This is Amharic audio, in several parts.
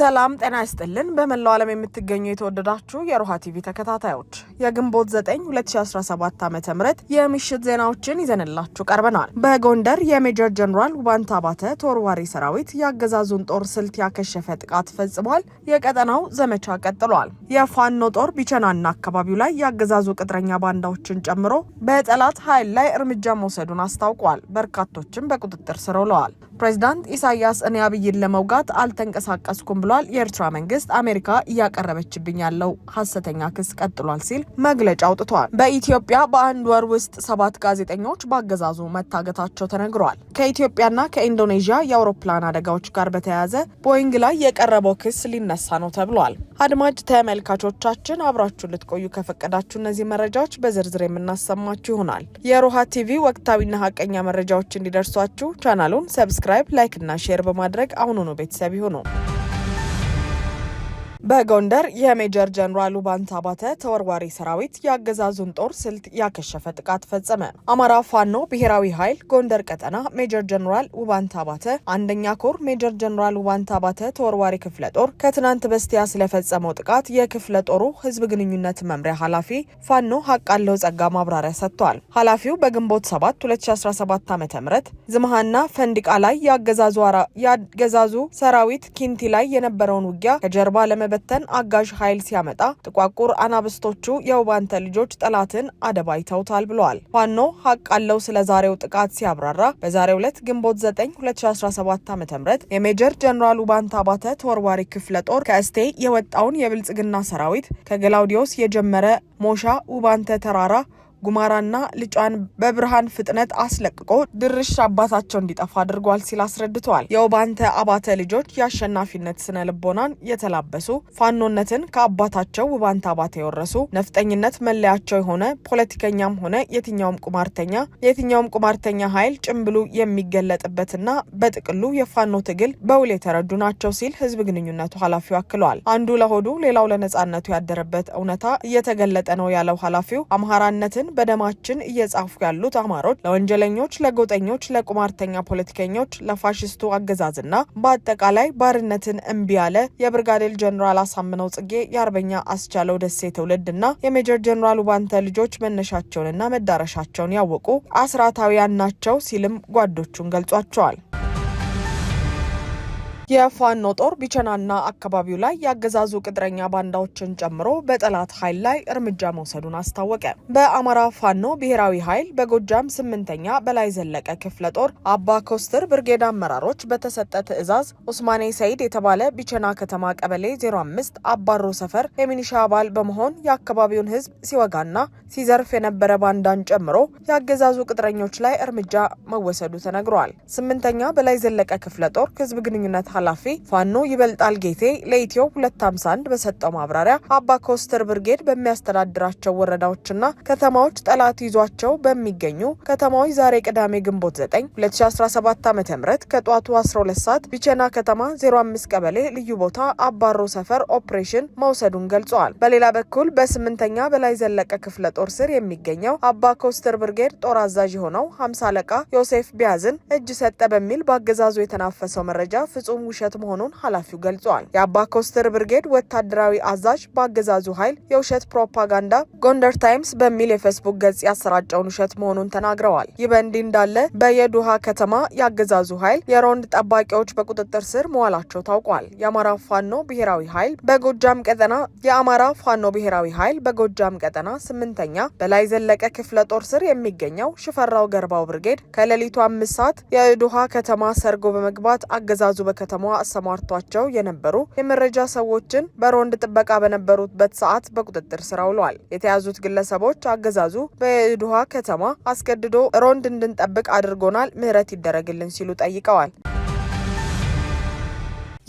ሰላም ጤና ይስጥልን። በመላው ዓለም የምትገኙ የተወደዳችሁ የሮሃ ቲቪ ተከታታዮች የግንቦት 9 2017 ዓ ም የምሽት ዜናዎችን ይዘንላችሁ ቀርበናል። በጎንደር የሜጀር ጀኔራል ውባንታ አባተ ተወርዋሪ ሰራዊት የአገዛዙን ጦር ስልት ያከሸፈ ጥቃት ፈጽሟል። የቀጠናው ዘመቻ ቀጥሏል። የፋኖ ጦር ቢቸናና አካባቢው ላይ የአገዛዙ ቅጥረኛ ባንዳዎችን ጨምሮ በጠላት ኃይል ላይ እርምጃ መውሰዱን አስታውቋል። በርካቶችም በቁጥጥር ስር ውለዋል። ፕሬዚዳንት ኢሳያስ እኔ አብይን ለመውጋት አልተንቀሳቀስኩም ቀጥሏል። የኤርትራ መንግስት አሜሪካ እያቀረበችብኝ ያለው ሀሰተኛ ክስ ቀጥሏል ሲል መግለጫ አውጥቷል። በኢትዮጵያ በአንድ ወር ውስጥ ሰባት ጋዜጠኞች በአገዛዙ መታገታቸው ተነግረዋል። ከኢትዮጵያና ከኢንዶኔዥያ የአውሮፕላን አደጋዎች ጋር በተያያዘ ቦይንግ ላይ የቀረበው ክስ ሊነሳ ነው ተብሏል። አድማጭ ተመልካቾቻችን አብራችሁ ልትቆዩ ከፈቀዳችሁ እነዚህ መረጃዎች በዝርዝር የምናሰማችሁ ይሆናል። የሮሃ ቲቪ ወቅታዊና ሀቀኛ መረጃዎች እንዲደርሷችሁ ቻናሉን ሰብስክራይብ፣ ላይክ እና ሼር በማድረግ አሁኑኑ ቤተሰብ ይሁኑ። በጎንደር የሜጀር ጀኔራል ውባንታ አባተ ተወርዋሪ ሰራዊት የአገዛዙን ጦር ስልት ያከሸፈ ጥቃት ፈጸመ። አማራ ፋኖ ብሔራዊ ኃይል ጎንደር ቀጠና ሜጀር ጀኔራል ውባንታ አባተ አንደኛ ኮር ሜጀር ጀኔራል ውባንታ አባተ ተወርዋሪ ክፍለ ጦር ከትናንት በስቲያ ስለፈጸመው ጥቃት የክፍለ ጦሩ ህዝብ ግንኙነት መምሪያ ኃላፊ ፋኖ ሀቃለው ጸጋ ማብራሪያ ሰጥቷል። ኃላፊው በግንቦት 7 2017 ዓ ም ዝምሃና ፈንዲቃ ላይ የአገዛዙ ሰራዊት ኪንቲ ላይ የነበረውን ውጊያ ከጀርባ ለመ ለመበተን አጋዥ ኃይል ሲያመጣ ጥቋቁር አናብስቶቹ የውባንተ ልጆች ጠላትን አደባይተውታል ብለዋል። ፋኖ ሀቅ አለው ስለ ዛሬው ጥቃት ሲያብራራ በዛሬው ዕለት ግንቦት 9 2017 ዓ ም የሜጀር ጀኔራል ውባንተ አባተ ተወርዋሪ ክፍለ ጦር ከእስቴ የወጣውን የብልጽግና ሰራዊት ከግላውዲዮስ የጀመረ ሞሻ ውባንተ ተራራ ጉማራና ልጇን በብርሃን ፍጥነት አስለቅቆ ድርሽ አባታቸው እንዲጠፋ አድርጓል ሲል አስረድተዋል። የውባንተ አባተ ልጆች የአሸናፊነት ስነ ልቦናን የተላበሱ ፋኖነትን ከአባታቸው ውባንተ አባተ የወረሱ ነፍጠኝነት መለያቸው የሆነ ፖለቲከኛም ሆነ የትኛውም ቁማርተኛ የትኛውም ቁማርተኛ ኃይል ጭምብሉ የሚገለጥበትና በጥቅሉ የፋኖ ትግል በውል የተረዱ ናቸው ሲል ህዝብ ግንኙነቱ ኃላፊው አክለዋል። አንዱ ለሆዱ ሌላው ለነጻነቱ ያደረበት እውነታ እየተገለጠ ነው ያለው ኃላፊው አምሃራነትን በደማችን እየጻፉ ያሉት አማሮች ለወንጀለኞች፣ ለጎጠኞች፣ ለቁማርተኛ ፖለቲከኞች፣ ለፋሽስቱ አገዛዝና በአጠቃላይ ባርነትን እምቢ ያለ የብርጋዴር ጀኔራል አሳምነው ጽጌ የአርበኛ አስቻለው ደሴ ትውልድና የሜጀር ጀኔራል ውባንተ ልጆች መነሻቸውንና መዳረሻቸውን ያወቁ አስራታውያን ናቸው ሲልም ጓዶቹን ገልጿቸዋል። የፋኖ ጦር ቢቸናና አካባቢው ላይ የአገዛዙ ቅጥረኛ ባንዳዎችን ጨምሮ በጠላት ኃይል ላይ እርምጃ መውሰዱን አስታወቀ። በአማራ ፋኖ ብሔራዊ ኃይል በጎጃም ስምንተኛ በላይ ዘለቀ ክፍለ ጦር አባ ኮስትር ብርጌድ አመራሮች በተሰጠ ትዕዛዝ ኡስማኔ ሰይድ የተባለ ቢቸና ከተማ ቀበሌ 05 አባሮ ሰፈር የሚኒሻ አባል በመሆን የአካባቢውን ህዝብ ሲወጋና ሲዘርፍ የነበረ ባንዳን ጨምሮ የአገዛዙ ቅጥረኞች ላይ እርምጃ መወሰዱ ተነግሯል። ስምንተኛ በላይ ዘለቀ ክፍለ ጦር ህዝብ ግንኙነት ኃላፊ ፋኖ ይበልጣል ጌቴ ለኢትዮ 251 በሰጠው ማብራሪያ አባ ኮስተር ብርጌድ በሚያስተዳድራቸው ወረዳዎችና ከተማዎች ጠላት ይዟቸው በሚገኙ ከተማዎች ዛሬ ቅዳሜ ግንቦት 9 2017 ዓ ም ከጠዋቱ 12 ሰዓት ቢቸና ከተማ 05 ቀበሌ ልዩ ቦታ አባሮ ሰፈር ኦፕሬሽን መውሰዱን ገልጸዋል። በሌላ በኩል በስምንተኛ በላይ ዘለቀ ክፍለ ጦር ስር የሚገኘው አባ ኮስተር ብርጌድ ጦር አዛዥ የሆነው 50 አለቃ ዮሴፍ ቢያዝን እጅ ሰጠ በሚል በአገዛዙ የተናፈሰው መረጃ ፍጹም ውሸት መሆኑን ኃላፊው ገልጿል። የአባ ኮስተር ብርጌድ ወታደራዊ አዛዥ በአገዛዙ ኃይል የውሸት ፕሮፓጋንዳ ጎንደር ታይምስ በሚል የፌስቡክ ገጽ ያሰራጨውን ውሸት መሆኑን ተናግረዋል። ይህ በእንዲህ እንዳለ በየዱሃ ከተማ የአገዛዙ ኃይል የሮንድ ጠባቂዎች በቁጥጥር ስር መዋላቸው ታውቋል። የአማራ ፋኖ ብሔራዊ ኃይል በጎጃም ቀጠና የአማራ ፋኖ ብሔራዊ ኃይል በጎጃም ቀጠና ስምንተኛ በላይ ዘለቀ ክፍለ ጦር ስር የሚገኘው ሽፈራው ገርባው ብርጌድ ከሌሊቱ አምስት ሰዓት የዱሃ ከተማ ሰርጎ በመግባት አገዛዙ በከተማ ከተማ አሰማርቷቸው የነበሩ የመረጃ ሰዎችን በሮንድ ጥበቃ በነበሩበት ሰዓት በቁጥጥር ስር አውለዋል። የተያዙት ግለሰቦች አገዛዙ በድሃ ከተማ አስገድዶ ሮንድ እንድንጠብቅ አድርጎናል፣ ምህረት ይደረግልን ሲሉ ጠይቀዋል።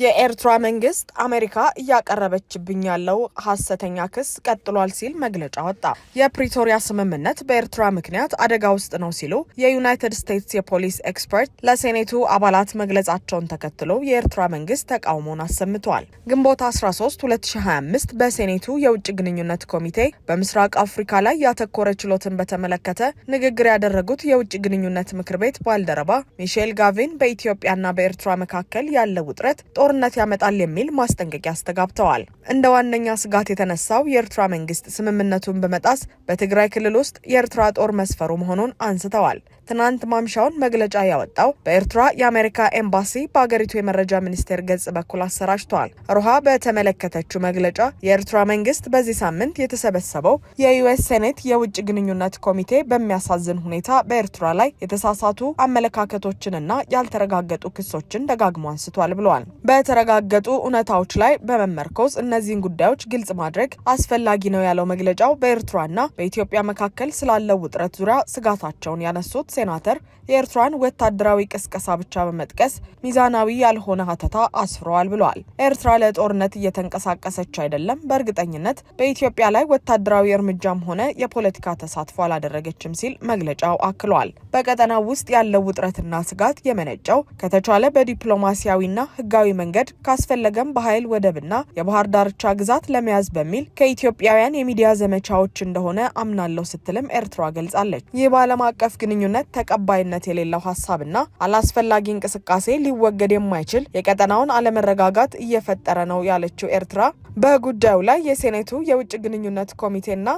የኤርትራ መንግስት አሜሪካ እያቀረበችብኝ ያለው ሀሰተኛ ክስ ቀጥሏል ሲል መግለጫ ወጣ። የፕሪቶሪያ ስምምነት በኤርትራ ምክንያት አደጋ ውስጥ ነው ሲሉ የዩናይትድ ስቴትስ የፖሊስ ኤክስፐርት ለሴኔቱ አባላት መግለጻቸውን ተከትሎ የኤርትራ መንግስት ተቃውሞን አሰምተዋል። ግንቦት 13 2025 በሴኔቱ የውጭ ግንኙነት ኮሚቴ በምስራቅ አፍሪካ ላይ ያተኮረ ችሎትን በተመለከተ ንግግር ያደረጉት የውጭ ግንኙነት ምክር ቤት ባልደረባ ሚሼል ጋቪን በኢትዮጵያና በኤርትራ መካከል ያለው ውጥረት ጦር ጦርነት ያመጣል የሚል ማስጠንቀቂያ አስተጋብተዋል። እንደ ዋነኛ ስጋት የተነሳው የኤርትራ መንግስት ስምምነቱን በመጣስ በትግራይ ክልል ውስጥ የኤርትራ ጦር መስፈሩ መሆኑን አንስተዋል። ትናንት ማምሻውን መግለጫ ያወጣው በኤርትራ የአሜሪካ ኤምባሲ በአገሪቱ የመረጃ ሚኒስቴር ገጽ በኩል አሰራጅተዋል። ሮሃ በተመለከተችው መግለጫ የኤርትራ መንግስት በዚህ ሳምንት የተሰበሰበው የዩኤስ ሴኔት የውጭ ግንኙነት ኮሚቴ በሚያሳዝን ሁኔታ በኤርትራ ላይ የተሳሳቱ አመለካከቶችንና ያልተረጋገጡ ክሶችን ደጋግሞ አንስቷል ብለዋል። በተረጋገጡ እውነታዎች ላይ በመመርኮዝ እነዚህን ጉዳዮች ግልጽ ማድረግ አስፈላጊ ነው ያለው መግለጫው በኤርትራና በኢትዮጵያ መካከል ስላለው ውጥረት ዙሪያ ስጋታቸውን ያነሱት ሴናተር የኤርትራን ወታደራዊ ቅስቀሳ ብቻ በመጥቀስ ሚዛናዊ ያልሆነ ሀተታ አስፍረዋል ብለዋል። ኤርትራ ለጦርነት እየተንቀሳቀሰች አይደለም፣ በእርግጠኝነት በኢትዮጵያ ላይ ወታደራዊ እርምጃም ሆነ የፖለቲካ ተሳትፎ አላደረገችም ሲል መግለጫው አክሏል። በቀጠናው ውስጥ ያለው ውጥረትና ስጋት የመነጨው ከተቻለ በዲፕሎማሲያዊና ህጋዊ መንገድ ካስፈለገም በኃይል ወደብና የባህር ዳርቻ ግዛት ለመያዝ በሚል ከኢትዮጵያውያን የሚዲያ ዘመቻዎች እንደሆነ አምናለሁ ስትልም ኤርትራ ገልጻለች። ይህ በዓለም አቀፍ ግንኙነት ተቀባይነት የሌለው ሀሳብና አላስፈላጊ እንቅስቃሴ ሊወገድ የማይችል የቀጠናውን አለመረጋጋት እየፈጠረ ነው ያለችው ኤርትራ በጉዳዩ ላይ የሴኔቱ የውጭ ግንኙነት ኮሚቴና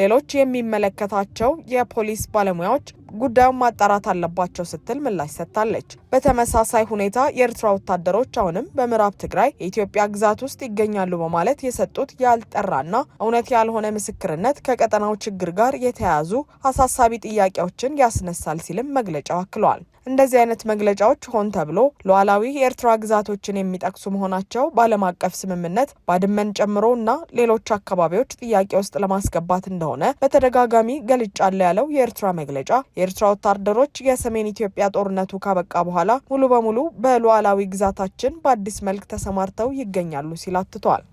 ሌሎች የሚመለከታቸው የፖሊስ ባለሙያዎች ጉዳዩን ማጣራት አለባቸው ስትል ምላሽ ሰጥታለች። በተመሳሳይ ሁኔታ የኤርትራ ወታደሮች አሁንም በምዕራብ ትግራይ የኢትዮጵያ ግዛት ውስጥ ይገኛሉ በማለት የሰጡት ያልጠራና እውነት ያልሆነ ምስክርነት ከቀጠናው ችግር ጋር የተያያዙ አሳሳቢ ጥያቄዎችን ያስነሳል ሲልም መግለጫው አክሏል። እንደዚህ አይነት መግለጫዎች ሆን ተብሎ ሉዓላዊ የኤርትራ ግዛቶችን የሚጠቅሱ መሆናቸው በዓለም አቀፍ ስምምነት ባድመን ጨምሮ እና ሌሎች አካባቢዎች ጥያቄ ውስጥ ለማስገባት እንደሆነ በተደጋጋሚ ገልጫለሁ ያለው የኤርትራ መግለጫ የኤርትራ ወታደሮች የሰሜን ኢትዮጵያ ጦርነቱ ካበቃ በኋላ ሙሉ በሙሉ በሉዓላዊ ግዛታችን በአዲስ መልክ ተሰማርተው ይገኛሉ ሲል አትቷል።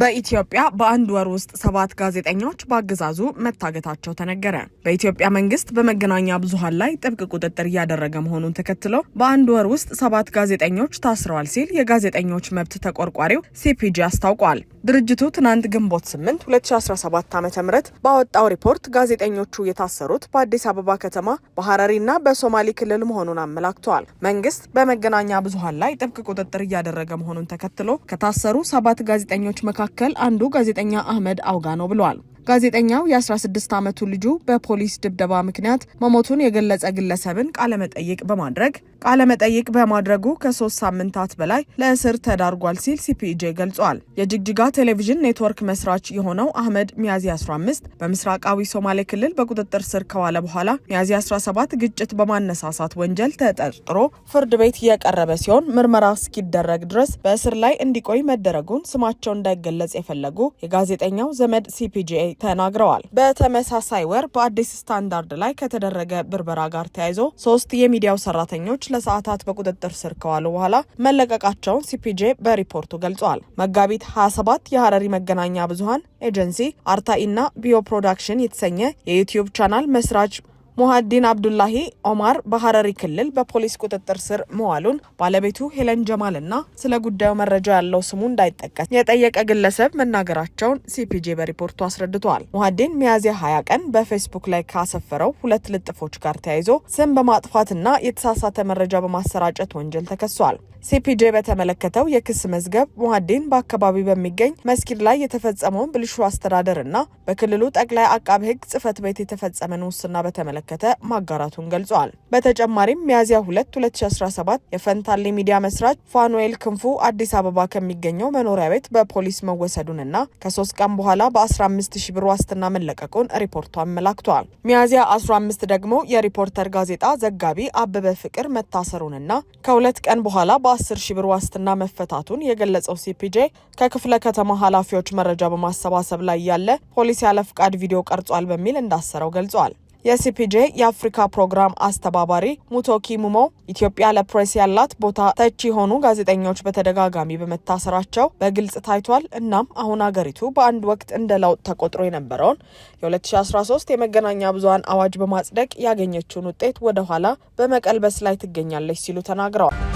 በኢትዮጵያ በአንድ ወር ውስጥ ሰባት ጋዜጠኞች በአገዛዙ መታገታቸው ተነገረ። በኢትዮጵያ መንግስት በመገናኛ ብዙሀን ላይ ጥብቅ ቁጥጥር እያደረገ መሆኑን ተከትሎ በአንድ ወር ውስጥ ሰባት ጋዜጠኞች ታስረዋል ሲል የጋዜጠኞች መብት ተቆርቋሪው ሲፒጂ አስታውቋል። ድርጅቱ ትናንት ግንቦት 8 2017 ዓ ም ባወጣው ሪፖርት ጋዜጠኞቹ የታሰሩት በአዲስ አበባ ከተማ በሐረሪና በሶማሌ ክልል መሆኑን አመላክተዋል። መንግስት በመገናኛ ብዙሀን ላይ ጥብቅ ቁጥጥር እያደረገ መሆኑን ተከትሎ ከታሰሩ ሰባት ጋዜጠኞች መካከል አንዱ ጋዜጠኛ አህመድ አውጋ ነው ብለዋል። ጋዜጠኛው የ16 ዓመቱ ልጁ በፖሊስ ድብደባ ምክንያት መሞቱን የገለጸ ግለሰብን ቃለመጠይቅ በማድረግ ቃለመጠይቅ በማድረጉ ከሶስት ሳምንታት በላይ ለእስር ተዳርጓል ሲል ሲፒጄ ገልጿል። የጅግጅጋ ቴሌቪዥን ኔትወርክ መስራች የሆነው አህመድ ሚያዝያ 15 በምስራቃዊ ሶማሌ ክልል በቁጥጥር ስር ከዋለ በኋላ ሚያዝያ 17 ግጭት በማነሳሳት ወንጀል ተጠርጥሮ ፍርድ ቤት የቀረበ ሲሆን ምርመራ እስኪደረግ ድረስ በእስር ላይ እንዲቆይ መደረጉን ስማቸው እንዳይገለጽ የፈለጉ የጋዜጠኛው ዘመድ ሲፒጄ ተናግረዋል። በተመሳሳይ ወር በአዲስ ስታንዳርድ ላይ ከተደረገ ብርበራ ጋር ተያይዞ ሶስት የሚዲያው ሰራተኞች ለሰዓታት በቁጥጥር ስር ከዋሉ በኋላ መለቀቃቸውን ሲፒጄ በሪፖርቱ ገልጿል። መጋቢት 27 የሀረሪ መገናኛ ብዙሀን ኤጀንሲ አርታኢና ቢዮ ፕሮዳክሽን የተሰኘ የዩትዩብ ቻናል መስራች ሙሀዲን አብዱላሂ ኦማር በሀረሪ ክልል በፖሊስ ቁጥጥር ስር መዋሉን ባለቤቱ ሄለን ጀማል እና ስለ ጉዳዩ መረጃ ያለው ስሙ እንዳይጠቀስ የጠየቀ ግለሰብ መናገራቸውን ሲፒጄ በሪፖርቱ አስረድቷል። ሙሀዲን ሚያዝያ 20 ቀን በፌስቡክ ላይ ካሰፈረው ሁለት ልጥፎች ጋር ተያይዞ ስም በማጥፋትና የተሳሳተ መረጃ በማሰራጨት ወንጀል ተከሷል። ሲፒጄ በተመለከተው የክስ መዝገብ ሙሀዲን በአካባቢው በሚገኝ መስጊድ ላይ የተፈጸመውን ብልሹ አስተዳደር እና በክልሉ ጠቅላይ አቃቤ ሕግ ጽህፈት ቤት የተፈጸመን ውስና በተመለከተ በተመለከተ ማጋራቱን ገልጿል። በተጨማሪም ሚያዝያ 2 2017 የፈንታሌ ሚዲያ መስራች ፋኑኤል ክንፉ አዲስ አበባ ከሚገኘው መኖሪያ ቤት በፖሊስ መወሰዱንና ከሶስት ቀን በኋላ በ15 ሺ ብር ዋስትና መለቀቁን ሪፖርቱ አመላክቷል። ሚያዝያ 15 ደግሞ የሪፖርተር ጋዜጣ ዘጋቢ አበበ ፍቅር መታሰሩንና ከሁለት ቀን በኋላ በ10 ሺ ብር ዋስትና መፈታቱን የገለጸው ሲፒጄ ከክፍለ ከተማ ኃላፊዎች መረጃ በማሰባሰብ ላይ ያለ ፖሊስ ያለ ፍቃድ ቪዲዮ ቀርጿል በሚል እንዳሰረው ገልጿል። የሲፒጄ የአፍሪካ ፕሮግራም አስተባባሪ ሙቶኪ ሙሞ ኢትዮጵያ ለፕሬስ ያላት ቦታ ተቺ የሆኑ ጋዜጠኞች በተደጋጋሚ በመታሰራቸው በግልጽ ታይቷል። እናም አሁን አገሪቱ በአንድ ወቅት እንደ ለውጥ ተቆጥሮ የነበረውን የ2013 የመገናኛ ብዙሀን አዋጅ በማጽደቅ ያገኘችውን ውጤት ወደኋላ በመቀልበስ ላይ ትገኛለች ሲሉ ተናግረዋል።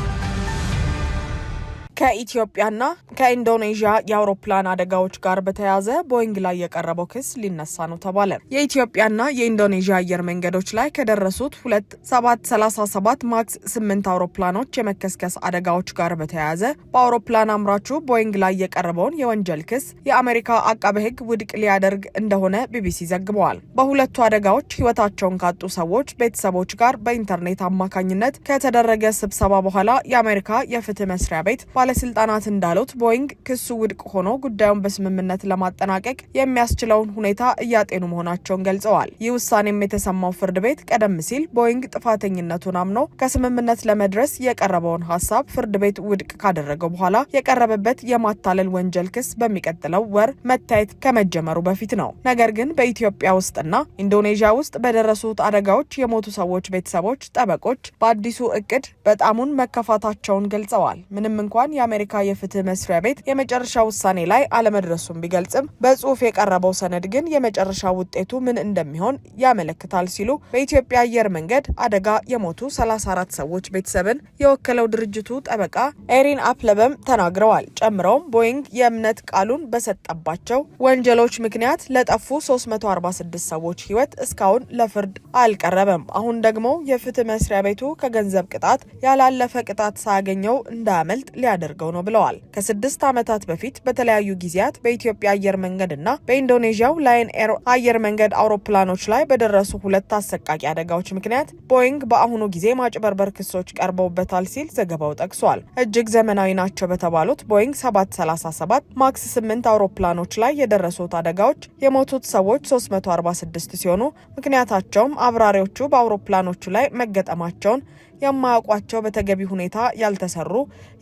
ከኢትዮጵያና ከኢንዶኔዥያ የአውሮፕላን አደጋዎች ጋር በተያያዘ ቦይንግ ላይ የቀረበው ክስ ሊነሳ ነው ተባለ። የኢትዮጵያና የኢንዶኔዥያ አየር መንገዶች ላይ ከደረሱት ሁለት ሰባት ሰላሳ ሰባት ማክስ ስምንት አውሮፕላኖች የመከስከስ አደጋዎች ጋር በተያያዘ በአውሮፕላን አምራቹ ቦይንግ ላይ የቀረበውን የወንጀል ክስ የአሜሪካ አቃቤ ሕግ ውድቅ ሊያደርግ እንደሆነ ቢቢሲ ዘግበዋል። በሁለቱ አደጋዎች ሕይወታቸውን ካጡ ሰዎች ቤተሰቦች ጋር በኢንተርኔት አማካኝነት ከተደረገ ስብሰባ በኋላ የአሜሪካ የፍትህ መስሪያ ቤት ባለስልጣናት እንዳሉት ቦይንግ ክሱ ውድቅ ሆኖ ጉዳዩን በስምምነት ለማጠናቀቅ የሚያስችለውን ሁኔታ እያጤኑ መሆናቸውን ገልጸዋል። ይህ ውሳኔም የተሰማው ፍርድ ቤት ቀደም ሲል ቦይንግ ጥፋተኝነቱን አምኖ ከስምምነት ለመድረስ የቀረበውን ሀሳብ ፍርድ ቤት ውድቅ ካደረገው በኋላ የቀረበበት የማታለል ወንጀል ክስ በሚቀጥለው ወር መታየት ከመጀመሩ በፊት ነው። ነገር ግን በኢትዮጵያ ውስጥና ኢንዶኔዥያ ውስጥ በደረሱት አደጋዎች የሞቱ ሰዎች ቤተሰቦች ጠበቆች በአዲሱ እቅድ በጣሙን መከፋታቸውን ገልጸዋል። ምንም እንኳን የአሜሪካ የፍትህ መስሪያ ቤት የመጨረሻ ውሳኔ ላይ አለመድረሱን ቢገልጽም በጽሁፍ የቀረበው ሰነድ ግን የመጨረሻ ውጤቱ ምን እንደሚሆን ያመለክታል ሲሉ በኢትዮጵያ አየር መንገድ አደጋ የሞቱ 34 ሰዎች ቤተሰብን የወከለው ድርጅቱ ጠበቃ ኤሪን አፕለበም ተናግረዋል። ጨምረውም ቦይንግ የእምነት ቃሉን በሰጠባቸው ወንጀሎች ምክንያት ለጠፉ 346 ሰዎች ህይወት እስካሁን ለፍርድ አልቀረበም። አሁን ደግሞ የፍትህ መስሪያ ቤቱ ከገንዘብ ቅጣት ያላለፈ ቅጣት ሳያገኘው እንዳያመልጥ ሊያደ አድርገው ነው ብለዋል። ከስድስት ዓመታት በፊት በተለያዩ ጊዜያት በኢትዮጵያ አየር መንገድ እና በኢንዶኔዥያው ላይን ኤር አየር መንገድ አውሮፕላኖች ላይ በደረሱ ሁለት አሰቃቂ አደጋዎች ምክንያት ቦይንግ በአሁኑ ጊዜ ማጭበርበር ክሶች ቀርበውበታል ሲል ዘገባው ጠቅሷል። እጅግ ዘመናዊ ናቸው በተባሉት ቦይንግ 737 ማክስ 8 አውሮፕላኖች ላይ የደረሱት አደጋዎች የሞቱት ሰዎች 346 ሲሆኑ ምክንያታቸውም አብራሪዎቹ በአውሮፕላኖቹ ላይ መገጠማቸውን የማያውቋቸው በተገቢ ሁኔታ ያልተሰሩ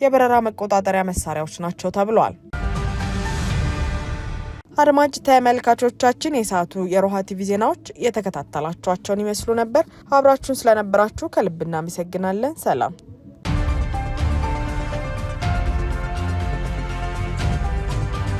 የበረራ መቆጣጠሪያ መሳሪያዎች ናቸው ተብሏል። አድማጭ ተመልካቾቻችን የሰዓቱ የሮሃ ቲቪ ዜናዎች የተከታተላችኋቸውን ይመስሉ ነበር። አብራችሁን ስለነበራችሁ ከልብ እናመሰግናለን። ሰላም